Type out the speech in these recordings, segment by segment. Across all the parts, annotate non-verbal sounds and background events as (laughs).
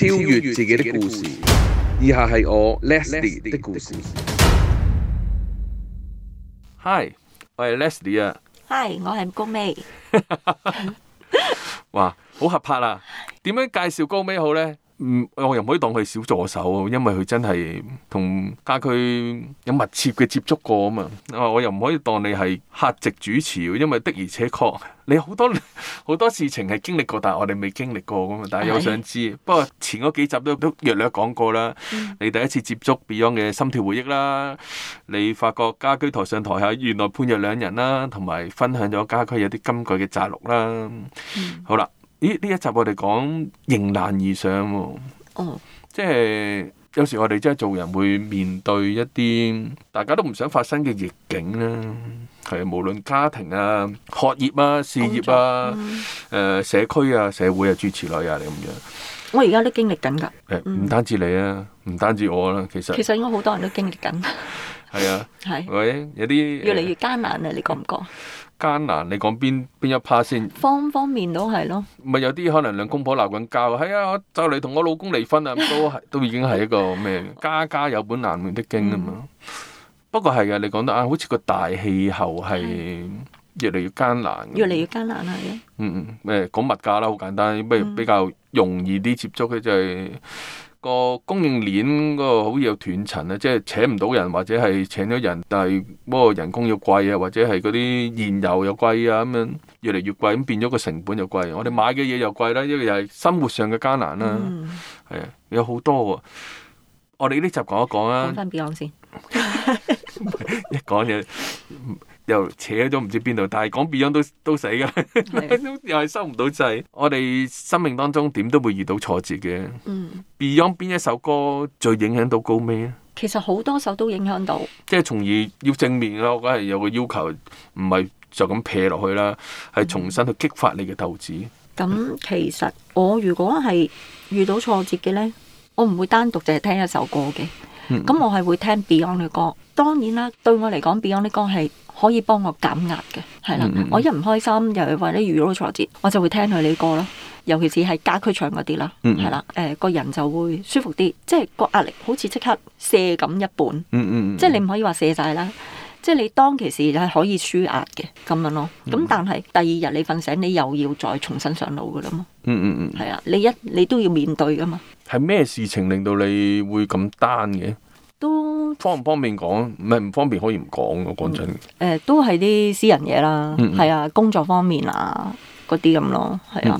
超越自己的故事，以下係我 Leslie 的故事。Hi，我係 Leslie 啊。Hi，我係高尾。哇，好合拍啊！點樣介紹高尾好呢？嗯，我又唔可以當佢小助手，因為佢真係同家駒有密切嘅接觸過啊嘛。我又唔可以當你係客席主持，因為的而且確你好多好多事情係經歷過，但係我哋未經歷過咁啊。但係又想知，的不過前嗰幾集都都略略講過啦。嗯、你第一次接觸 Beyond 嘅心跳回憶啦，你發覺家駒台上台下原來判若兩人啦，同埋分享咗家駒有啲金句嘅摘錄啦。嗯、好啦。咦，呢一集我哋講迎難而上喎，哦、即係有時我哋真係做人會面對一啲大家都唔想發生嘅逆境啦、啊，係啊，無論家庭啊、學業啊、事業啊、誒、嗯呃、社區啊、社會啊諸如此類啊，你咁樣。我而家都經歷緊㗎。誒、嗯，唔、欸、單止你啊，唔單止我啦、啊，其實其實應該好多人都經歷緊。係 (laughs) 啊，係是。喂，有啲越嚟越艱難啊！你覺唔覺？嗯艱難，你講邊邊一 part 先？方方面都係咯。咪有啲可能兩公婆鬧緊交，係、哎、啊，我就嚟同我老公離婚啊， (laughs) 都係都已經係一個咩？家家有本難念的經啊嘛。嗯、不過係啊，你講得啊，好似個大氣候係越嚟越，越，越艱難。越嚟越艱難係啊。嗯嗯，誒講物價啦，好簡單，不如比較容易啲接觸嘅就係、是。個供應鏈嗰個好似有斷層啊，即係請唔到人或者係請咗人，但係嗰個人工又貴啊，或者係嗰啲燃油又貴啊，咁樣越嚟越貴，咁變咗個成本又貴。我哋買嘅嘢又貴啦，因為又係生活上嘅艱難啦，係啊、嗯，有好多啊。我哋呢集講一講啊。先。 (laughs) (laughs) 一講嘢。又扯咗唔知邊度，但係講 Beyond 都都死嘅，吧 (laughs) 又係收唔到掣。我哋生命當中點都會遇到挫折嘅。嗯、Beyond 邊一首歌最影響到高咩咧？其實好多首都影響到，即係從而要正面咯。我覺得係有個要求，唔係就咁撇落去啦，係、嗯、重新去激發你嘅鬥志。咁、嗯、其實我如果係遇到挫折嘅咧，我唔會單獨淨係聽一首歌嘅，咁、嗯、我係會聽 Beyond 嘅歌。當然啦，對我嚟講 Beyond 啲歌係可以幫我減壓嘅，係啦。嗯嗯，我一唔開心，又或者遇到挫折，我就會聽佢啲歌咯。尤其是係家駒唱嗰啲啦，係啦、嗯，誒、呃、個人就會舒服啲，即係個壓力好似即刻卸咁一半。嗯嗯嗯嗯，即係你唔可以話卸晒啦，即係你當其時係可以舒壓嘅咁樣咯。咁、嗯嗯、但係第二日你瞓醒，你又要再重新上路噶啦嘛。嗯嗯係、嗯、啦、嗯，你一你都要面對噶嘛。係咩事情令到你會咁單嘅？都。方唔方便講？唔係唔方便可以唔講噶。講真，誒、嗯，都係啲私人嘢啦，係啊，工作方面啊，嗰啲咁咯，係啊。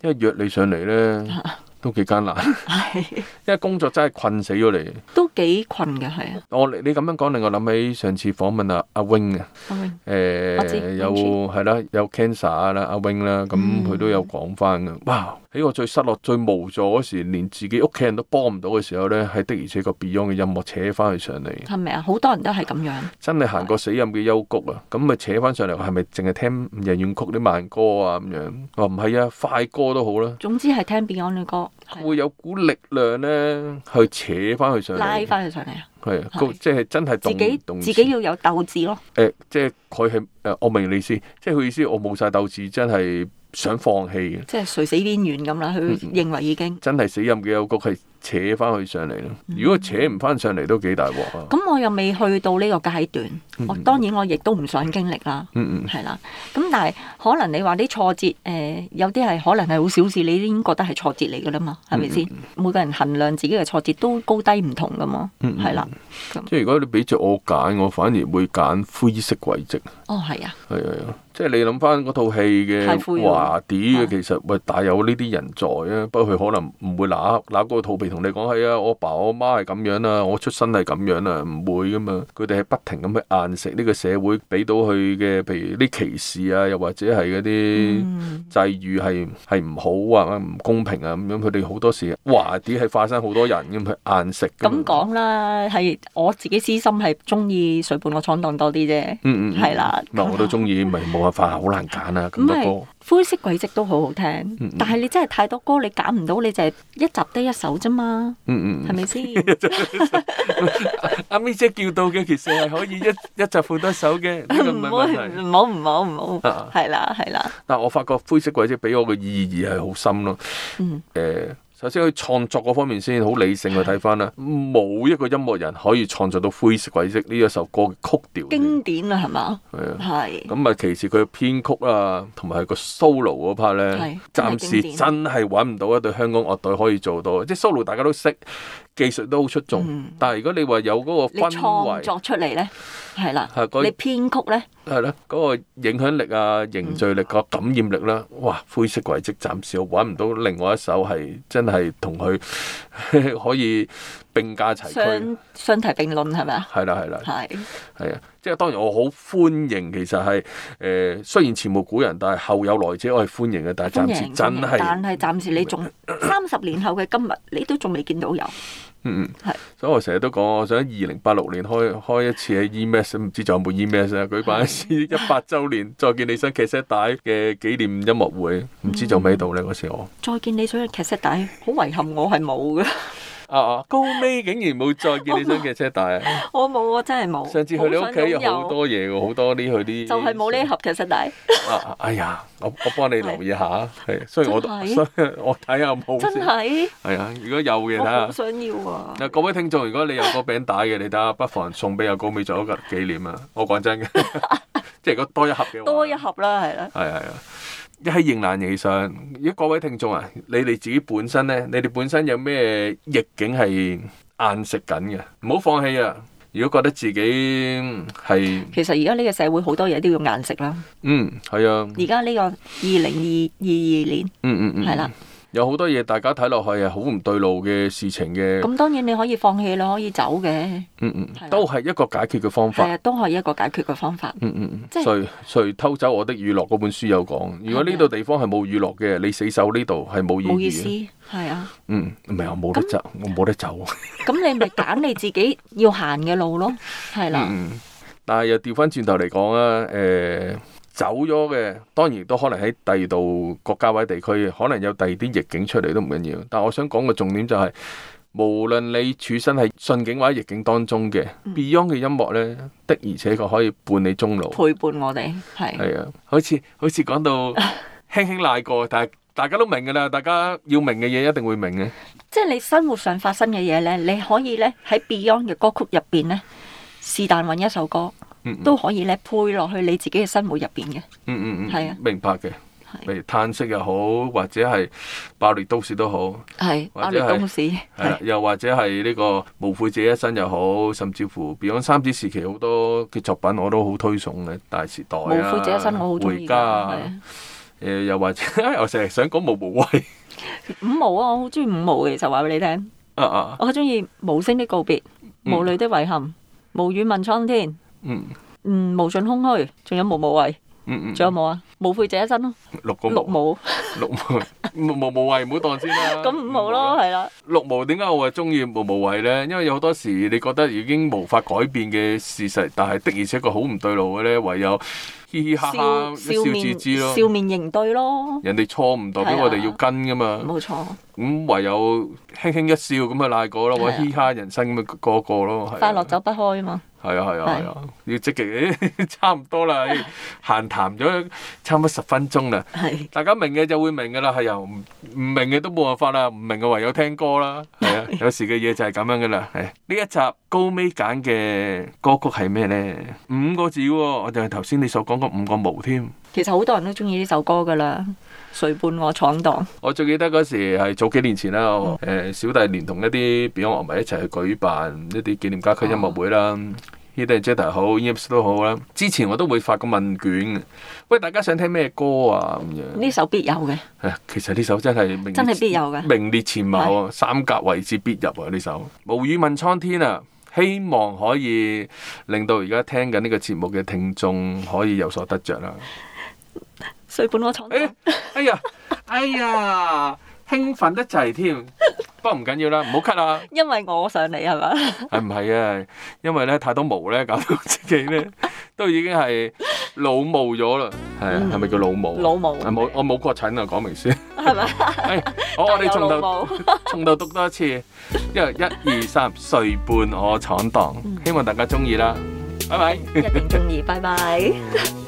因為約你上嚟咧，都幾艱難。 (laughs) 因為工作真係困死咗你，都幾困嘅，係啊。我你你咁樣講，令我諗起上次訪問阿阿 Wing 啊，誒、啊，有係啦，有 cancer 啦，阿 Wing 啦，咁佢都有講翻哇！喺我最失落、最無助嗰時，連自己屋企人都幫唔到嘅時候咧，係的而且確 Beyond 嘅音樂扯翻佢上嚟。係咪啊？好多人都係咁樣。真係行過死蔭嘅幽谷啊！咁咪扯翻上嚟？係咪淨係聽夜怨曲啲慢歌啊？咁樣哦，唔係啊，快歌都好啦。總之係聽 Beyond 嘅歌。會有股力量咧，去扯翻佢上嚟，拉翻佢上嚟啊！係，即係真係自己自己要有鬥志咯。誒，即係佢係誒，我明你意思，即係佢意思，我冇曬鬥志，真係。想放棄嘅、嗯，即係垂死邊緣咁啦，佢認為已經、嗯、真係死任嘅，有局。係。扯翻去上嚟咯，如果扯唔翻上嚟都幾大鑊啊！咁、嗯嗯、我又未去到呢個階段，嗯嗯我當然我亦都唔想經歷啦。嗯嗯，係啦。咁但係可能你話啲挫折，誒、呃、有啲係可能係好小事，你已經覺得係挫折嚟㗎啦嘛，係咪先？嗯嗯每個人衡量自己嘅挫折都高低唔同㗎嘛。嗯嗯，係啦的。即係如果你俾著我揀，我反而會揀灰色軌跡。哦，係啊。係啊，即係你諗翻嗰套戲嘅話啲嘅。其實喂，大有呢啲人在啊，不過佢可能唔會揦揦嗰套。同你講係啊，我爸我媽係咁樣啊。我出身係咁樣啊，唔會㗎嘛。佢哋係不停咁去硬食呢個社會俾到佢嘅，譬如啲歧視啊，又或者係嗰啲際遇係係唔好啊，唔公平啊咁樣。佢哋好多時話啲係化身好多人咁去硬食。咁講啦，係我自己私心係中意水半個闖蕩多啲啫。嗯，嗯嗯，係啦。嗱，我都中意，咪冇、嗯、辦法，好難揀啦咁多個。灰色軌跡都好好聽，但係你真係太多歌，你揀唔到，你就係一集得一首啫嘛，係咪先？阿咪姐叫到嘅，其實係可以一一集放多一首嘅。唔好唔好唔好，係啦係啦。啦但係我發覺灰色軌跡俾我嘅意義係好深咯。誒、嗯。欸首先喺創作嗰方面先好理性啊，睇翻啦，冇一個音樂人可以創作到《灰色軌跡》呢一首歌嘅曲調。經典啊，係嘛？係啊，係。咁啊，其實佢編曲啊，同埋係個 solo 嗰 part 咧，暫時真係揾唔到一隊香港樂隊可以做到。即係 solo 大家都識，技術都好出眾。嗯。但係如果你話有嗰個氛圍，你創作出嚟咧，係啦，係嗰你編曲咧，係咯，嗰個影響力啊、凝聚力、個感染力啦，哇，《灰色軌跡》暫時我揾唔到另外一首係真。係同佢可以並駕齊驅，相、相提並論，係咪啊？係啦，係啦，係係啊！即係當然，我好歡迎。其實係誒、呃，雖然前無古人，但係後有來者，我係歡迎嘅。但係暫時真係，但係暫時你仲三十年後嘅今日，你都仲未見到有。嗯嗯，係是，所以我成日都講，我想二零八六年開開一次喺 e m s 唔知仲有冇 e m s 啊，舉辦一次是一百週年《再見理想卡式帶》嘅紀念音樂會，唔知在咪度咧嗰時我。嗯、再見理想嘅卡式帶，好遺憾我係冇嘅。啊啊！高尾竟然冇再見你張嘅車帶，我冇啊，真係冇。上次去你屋企有好多嘢喎，好多啲佢啲，就係冇呢一盒嘅車帶。啊哎呀，我我幫你留意下，係雖然我都，所以我睇下有冇真係。係啊，如果有嘅，睇下。我好想要啊！嗱，各位聽眾，如果你有個餅帶嘅，你睇下，不妨送俾阿高尾做一個紀念啊！我講真嘅，即係如果多一盒嘅話，多一盒啦，係啦。係係啊。一喺迎難而上，如果各位聽眾啊，你哋自己本身咧，你哋本身有咩逆境係硬食緊嘅？唔好放棄啊！如果覺得自己係，其實而家呢個社會好多嘢都要硬食啦。嗯，係啊。而家呢個二零二二二年，嗯嗯嗯，係啦、啊。有好多嘢，大家睇落去係好唔對路嘅事情嘅。咁當然你可以放棄，你可以走嘅。嗯嗯，都係一個解決嘅方法。係，都係一個解決嘅方法。嗯嗯，即係，誰偷走我的乳酪嗰本書有講，如果呢度地方係冇乳酪嘅，你死守呢度係冇意冇意思，係啊。嗯，唔係我冇得走，我冇得走。咁你咪揀你自己要行嘅路咯，係啦。嗯。但係又調翻轉頭嚟講啊，誒。走咗嘅，當然都可能喺第二度國家位地區，可能有第二啲逆境出嚟都唔緊要。但係我想講個重點就係、是，無論你處身喺順境或者逆境當中嘅、嗯、Beyond 嘅音樂呢的而且確可以伴你終老，陪伴我哋係。係啊，好似好似講到輕輕賴過，但係大家都明㗎啦，大家要明嘅嘢一定會明嘅。即係你生活上發生嘅嘢呢，你可以呢喺 Beyond 嘅歌曲入邊呢，是但揾一首歌。都可以咧，配落去你自己嘅生活入邊嘅。嗯嗯嗯，係啊，明白嘅。譬如嘆息又好，或者係爆裂都市都好，係爆裂都市又或者係呢個無悔者一生又好，甚至乎 Beyond 三子時期好多嘅作品，我都好推崇嘅，《大時代》啊，《無悔者一生》我好中意嘅，回家啊，係誒，又或者，我成日想講無無畏，五毛啊，我好中意五毛嘅，其實話俾你聽。啊啊！我好中意《無聲的告別》、《無淚的遺憾》、《無語問蒼天》。嗯，嗯，無盡空虛，仲有無無謂，嗯嗯，仲有冇啊？無悔這一生咯，六個六無，六無，無無無謂，唔好當先啦。咁五無咯，係啦。六無點解我話中意無無謂咧？因為有好多時你覺得已經無法改變嘅事實，但係的而且確好唔對路嘅咧，唯有嘻嘻哈哈、笑自知咯，笑面迎對咯。人哋錯唔代表我哋要跟㗎嘛？冇錯。咁唯有輕輕一笑咁啊賴過咯，或者嘻哈人生咁啊過過咯，係。快樂走不開啊嘛。係啊係啊係啊！要積極啲，差唔多啦，閒談咗差唔多十分鐘啦。係，大家明嘅就會明㗎啦。係又唔唔明嘅都冇辦法啦，唔明嘅唯有聽歌啦。係啊，有時嘅嘢就係咁樣㗎啦。係，呢一集高尾揀嘅歌曲係咩呢？五個字喎，我就係頭先你所講嘅五個毛添。其實好多人都中意呢首歌㗎啦。誰伴我闖蕩，我最記得嗰時係早幾年前啦。誒、嗯欸，小弟連同一啲 Beyond 樂迷一齊去舉辦一啲紀念家駒音樂會啦，Hedy Jeter 好 y 都好啦。之前我都會發個問卷，喂，大家想聽咩歌啊？咁樣呢首必有嘅，其實呢首真係名真係必有嘅，名列前茅啊，是三甲位置必入啊！呢首無語問蒼天啊，希望可以令到而家聽緊呢個節目嘅聽眾可以有所得着啦、啊。歲半我闖蕩哎呀，哎呀，興奮得滯添，不過唔緊要啦，唔好咳啦。因為我上嚟，係嘛？係唔係啊？因為咧太多毛咧，搞到自己咧都已經係老毛咗啦。係、哎、啊，係咪、嗯、叫老毛？老毛。冇、哦，我冇確診啊，講明先。係咪？好，我哋重頭從頭讀多一次，因為一二三，歲半我闖蕩，希望大家中意啦，拜拜。一定中意，拜拜。 (laughs)